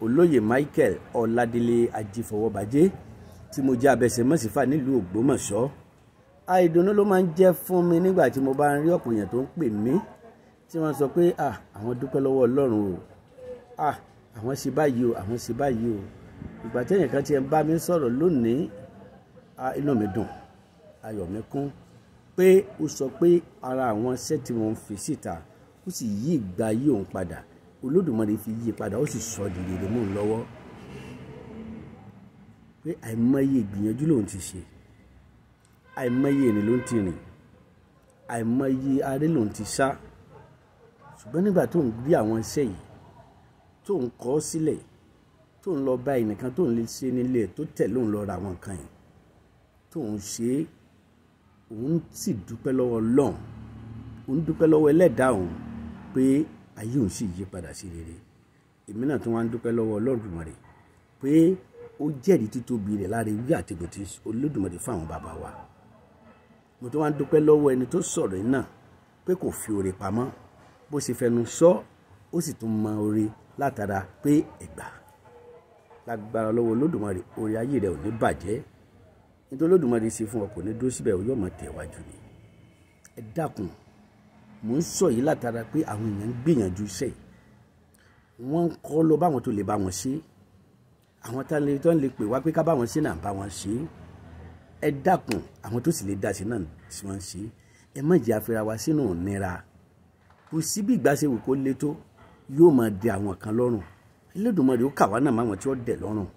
olóyè Michael Ọládélé Ajífọwọ́bajé tí mo jẹ́ abẹsẹ̀mọ́sífà nílùú Ògbómọ̀ṣọ́ àìdùnnú ló máa ń jẹ́ fún mi nígbà tí mo bá ń rí ọ̀pọ̀ èèyàn tó ń pè mí tí wọ́n sọ pé ah àwọn dúpẹ́ lọ́wọ́ Ọlọ́run o ah àwọn ṣe báyìí o àwọn ṣe báyìí o ìgbà téèyàn kan ti ń bá mi sọ̀rọ̀ lónìí ah inú mi dùn ayọ̀ mi kún pé ó sọ pé ara àwọn iṣẹ́ tí mo ń fi síta ó sì yí ìgbà yí òun padà olódùmarè fi yí padà ó sì sọ di rere mò ń lọ́wọ́ pé àìmọye ìgbìyànjú lòun ti ṣe àìmọye ìrìn ló ń ti rìn àìmọye aré lòun ti sá ṣùgbọ́n nígbà tó ń gbé àwọn iṣẹ́ yìí tó ń kọ́ sílẹ̀ tó ń lọ bá ẹnìkan tó ń lè ṣe nílé tó tẹ̀ lóun lọ ra àwọn nǹkan yìí tó ń ṣe é òun sì dúpẹ́ lọ́wọ́ Ọlọ́run òun dúpẹ́ lọ́wọ́ ẹlẹ́dàá òun pé ayé òun sì yí padà sí rere èmi náà tí wọ́n á dúpẹ́ lọ́wọ́ Olódùmarè pé ó jẹ́rìí títóbi rẹ̀ láre wí àtẹ̀gùtì Olódùmarè fún àwọn bàbá wa mo tún wá dúpẹ́ lọ́wọ́ ẹni tó sọ̀rọ̀ yìí náà pé kò fi oore pamọ́ bó ṣe fẹnu sọ ó sì tún mọ oore látara pé ẹ̀gbà lágbára lọ́wọ́ Olódùmarè oore ayé rẹ̀ ò ní bàjẹ́ nítorí Olódùmarè ṣe fún ọ dúró síbẹ̀ ó yọ̀ mọ́ tẹ̀wájú ni ẹ dákun mò ń sọ yìí látara pé àwọn èèyàn ń gbìyànjú iṣẹ́ wọ́n ń kọ́ lọ báwọn tó lè bá wọn ṣe àwọn tó ń lè pè wá pé ká bá wọn ṣe náà bá wọn ṣe ẹ dákun àwọn tó sì lè dá ṣe náà tí wọ́n ṣe ẹ má jẹ́ àfẹ́ra wa sínú ìnira kò sí bí ìgbà ṣe kó le tó yóò máa dẹ àwọn kan lọ́rùn Elédùmarè ó kàwá náà máwọn tí ó dẹ̀ lọ́rùn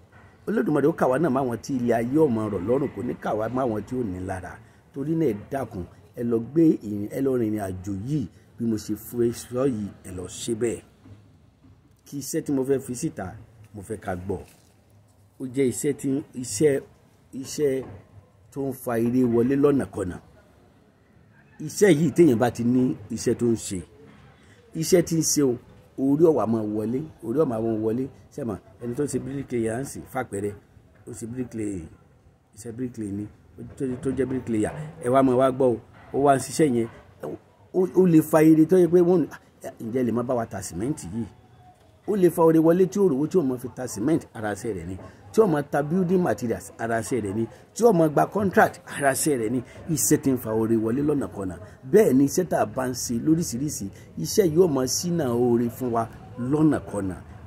Elédùmarè ó kàwá náà máwọn tí ilé ayé ọmọ rọ̀ lọ́rùn kò ní kàwá máwọn tí ó ní lára torí náà ẹ dákun ẹ lọ gbé ìrìn ẹ lọ rìnrìn àjò yìí bí mo ṣe fún ẹ sọ yìí ẹ lọ ṣe bẹ́ẹ̀ kí iṣẹ́ tí mo fẹ́ fi síta mo fẹ́ ká gbọ́ ó jẹ́ iṣẹ́ tí iṣẹ́ iṣẹ́ tó ń fa eré wọlé lọ́nàkọnà iṣẹ́ yìí téèyàn bá ti ní iṣẹ́ tó ń ṣe iṣẹ́ tí ń ṣe o orí ọ̀wà máa wọlé orí ọ̀wà máa wọlé sẹ́mà ẹni tó ṣe bíríkìlẹ̀yà ń sìn fàpẹ́rẹ́ ó ṣe bíríkìlẹ̀yà iṣẹ́ bíríkìlẹ̀ ni tó jẹ́ bíríkìlẹ̀yà ẹ wá máa wá gbọ́ o ó wá ń ṣiṣẹ́ yẹn ó lè fa ire tó yẹ pé wọ́n ah, ǹjẹ́ lè má bá wa ta sìmẹ́ǹtì yìí ó lè fa ore wọlé tí ó rówó tí ó mọ fi ta cement ara ṣe rẹ̀ ni tí ó mọ ta building materials ara ṣe rẹ̀ ni tí ó mọ gba contract ara ṣe rẹ̀ ni iṣẹ́ tí ń fa ore wọlé lọ́nà kọ̀nà bẹ́ẹ̀ ni iṣẹ́ tá a bá ń ṣe lóríṣiríṣi iṣẹ́ yóò mọ sínà ore fún wa lọ́nà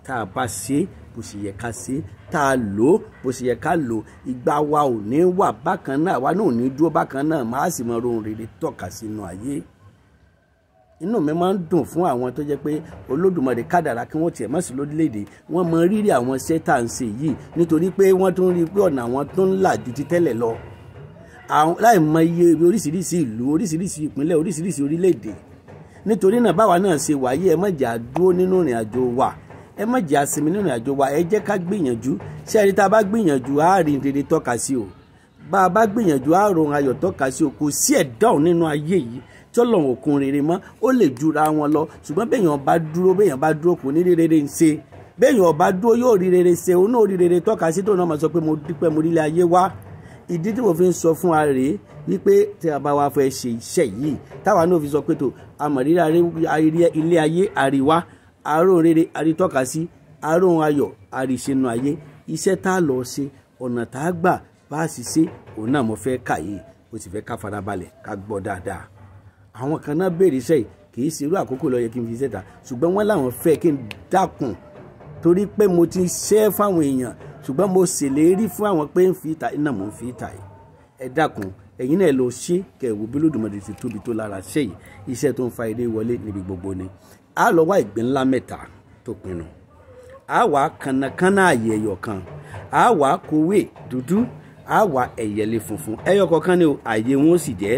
tá a bá ṣe bó ṣe yẹ ká ṣe tá a lò ó bó ṣe yẹ ká lò ó ìgbà wa ò ní wà bákan náà wa náà ò ní dúró bákan náà máa sì mọ ohun rere tọ́ka sínú ayé inú mi máa ń dùn fún àwọn tó jẹ́ pé olódùmarè kádàrá kí wọ́n tiẹ̀ mọ́ sí lórílẹ̀‐èdè wọ́n mọ rírì àwọn iṣẹ́ tá à ń ṣe yìí nítorí pé wọ́n tún rí i pé ọ̀nà àwọn tó ń là ju ti tẹ́lẹ̀ lọ láì mọ iye oríṣiríṣi ìlú oríṣiríṣi ìpínlẹ̀ oríṣiríṣi orílẹ̀ nítorí náà báwa náà ṣe wáyé ẹ mọ̀jà dúró nínú ìrìn àjò wa ẹ má jẹ́ àsinmi nínú àjò wa ẹ jẹ́ ká gbìyànjú ṣé ẹni tá a bá gbìyànjú á rí rere tọ́ka sí o bá a bá gbìyànjú á ro ayọ̀ tọ́ka sí o kò sí ẹ̀dá ọ̀ nínú ayé yìí tí ọlọ́run òkun rere mọ́ ó lè jura wọn lọ ṣùgbọ́n béèyàn bá dúró béèyàn bá dúró kò ní rí rere ń ṣe béèyàn bá dúró yóò rí rere ṣe òun náà rí rere tọ́ka sí tóun náà máa sọ pé mo dúpẹ́ mo rílé ayé wá ìdí tí mo fi ń sọ fún wa rèé wípé tí a bá wa fẹ́ ṣe iṣẹ́ yìí táwa náà fi sọ pé tó amọ̀ríra ilé ayé àríwá àárò rere àrítọ́ka sí àárò ayọ̀ àrìṣẹ́nu ayé iṣẹ́ tá a lọ ṣe ọ̀nà tá a gbà bá a sì ṣe òun náà mo fẹ́ kà yìí mo sì fẹ́ ká farabalẹ̀ ká gbọ́ dáadáa àwọn kan náà béèrè iṣẹ́ yìí kì í ṣerú àkókò ló yẹ kí n fi iṣẹ́ ta ṣùgbọ́n wọ́n láwọn fẹ́ kí n dákun torí pé mo ti ṣẹ́ fáwọn èèyàn ṣùgbọ́n mo ṣèlérí fún àwọn pé ń fi ìta iná mò ń fi ìta yìí ẹ dákun ẹ̀yin náà lọ ṣe kẹ̀wò bí Olódùmarè ti tóbi tó lára ṣe yìí iṣẹ́ tó ń fa eré wọlé níbi gbogbo ni a lọ wá ìgbín ńlá mẹ́ta tó pinnu a wà kànnàkànnà àyè ẹ̀yọ̀ kan a wà kòwé dúdú a wà ẹ̀yẹ̀lẹ̀ funfun ẹ̀yọ̀ kọ̀ọ̀kan ni àyè wọn sì jẹ́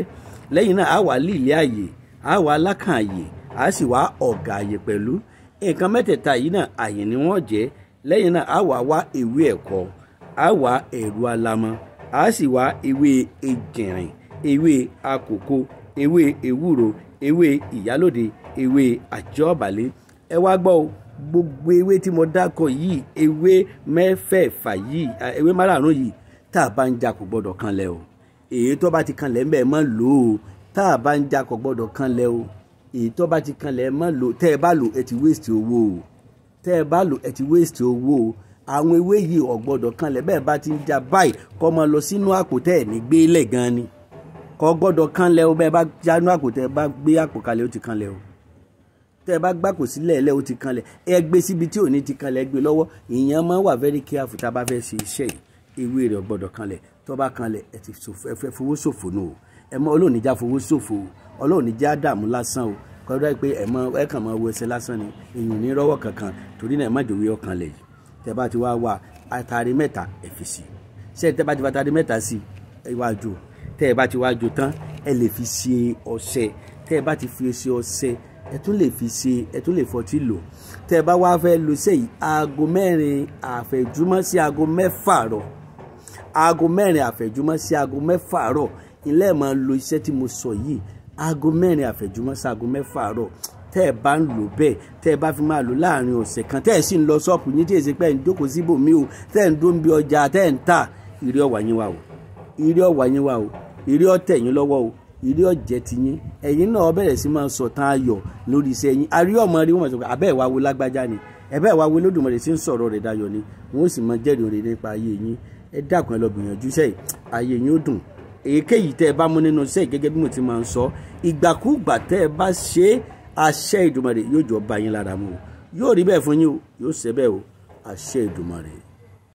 lẹ́yìn náà a wà líle àyè a wà alákàn àyè a sì wà ọ̀gà àyè pẹ̀lú nǹkan mẹ́tẹ̀ẹ̀ta yìí náà àyè ni wọ́n jẹ́ lẹ́yìn náà a wà wá ewé ẹ̀kọ́ a wà ẹ̀rù alamọ a sì wà ewé ejìnrìn ewé akòko ewé ewúro ewé ìyálòde ewé àjọbálẹ̀ ẹ wá gbọ́ o gbogbo ewé tí mo dákọ̀ yìí ewé mẹ́fẹ̀ẹ̀fà yìí ewé márààrún yìí tá a bá ń jà kò gbọ́dọ̀ kanlẹ̀ o èyí tó bá ti kanlẹ̀ ń bẹ̀ mọ́ lò ó tá a bá ń jà kò gbọ́dọ̀ kanlẹ̀ o èyí tó bá ti kanlẹ̀ mọ́ lò tẹ́ ẹ bá lò ẹ ti waste owó o tẹ́ ẹ bá lò ẹ ti waste owó o àwọn ewé yìí ò gbọ́dọ̀ kanlẹ̀ bá ti ń jà báyìí kó máa lọ sínú àpò tẹ́ ẹ̀ ní gbélé gan ni kò gbọ́dọ̀ kanlẹ̀ o bẹ́ẹ̀ bá janú àpò tẹ́ ẹ bá gbé àpò kalẹ̀ ó ti kanlẹ̀ o tẹ́ ẹ bá gbàpò sílẹ̀ ẹlẹ́ o ti kanlẹ̀ ẹ gbé síbi tí ò ní ti kanlẹ̀ ẹ gbé lọ́wọ́ ìyẹn máa wà very careful tá a bá fẹ́ ṣe iṣẹ́ yìí ewé rẹ̀ gbọ́dọ̀ kanlẹ̀ tó bá kanlẹ̀ ẹ ti fẹ́ fowó ṣòfò nù o ẹ mọ Ọlọ́run níjà fowó ṣòfò o Ọlọ́run níjà dààmú lásán o kọ́dọ̀ pé ẹ mọ ẹ kàn máa wo ẹsẹ̀ lásán ni èèyàn ní rọ́wọ́ kankan torí náà ẹ má jòwé ọkàn yìí tẹ́ bá ti wá wá atari mẹ́ta ẹ fi sí ṣé tẹ́ bá ti wá atari mẹ́ta si ẹ wá jò tẹ́ ẹ bá ti wá jò tán ẹ lè fi ṣe ọṣẹ tẹ́ bá ti fi ṣe ọṣẹ ẹ tún lè fi ṣe ẹ tún lè fọtí lò tẹ́ ẹ bá wá fẹ́ lo sẹ́yìn aago mẹ́rin àfẹ̀júmọ́ sí aago mẹ́fà rọ̀ aago mẹ́rin àfẹ̀júmọ́ sí aago mẹ́fà rọ̀ ilé ẹ̀ máa lo iṣẹ́ tí mo sọ yìí aago mẹ́rin àfẹ̀júmọ́ sí aago mẹ́fà rọ̀ tẹ́ ẹ bá ń lò bẹ́ẹ̀ tẹ́ ẹ bá fi máa lò láàrin ọ̀sẹ̀ kan tẹ́ ẹ sì ń lọ ṣọ́ọ̀pù yín tí èsì pẹ́ ń jókòó síbòmí o tẹ́ ẹ ń dó bí ọjà tẹ́ ń tà ìrí ọ̀wà yín wà o ìrí ọ̀wà yín wà o ìrí ọ̀tẹ̀ yín lọ́wọ́ o ilé ọ̀jẹ̀ ti yín ẹ̀yin náà bẹ̀rẹ̀ sí máa sọ̀tàn ayọ̀ lórí iṣẹ́ yín àrí ọmọ rí wọn sọ pé àbẹ́ ìwà wo lágbájá ni ẹ̀bẹ́ ìwà wo lódùmarè sí ń sọ̀rọ̀ rẹ̀ dayọ̀ ni wọ́n sì máa jẹ́rìí oore nípa ayé yín ẹ dákun ẹ lọ gbìyànjú iṣẹ́ yìí ayé yín ó dùn èyíkéyìí tẹ́ ẹ bá mú nínú iṣẹ́ gẹ́gẹ́ bí mo ti máa ń sọ ìgbàkúgbà tẹ́ ẹ bá ṣe àṣẹ Ìdùmarè yóò jọ bá yín lára mu yóò rí bẹ́ẹ̀ fún yín o yóò ṣe bẹ́ẹ̀ o àṣẹ Ìdùmarè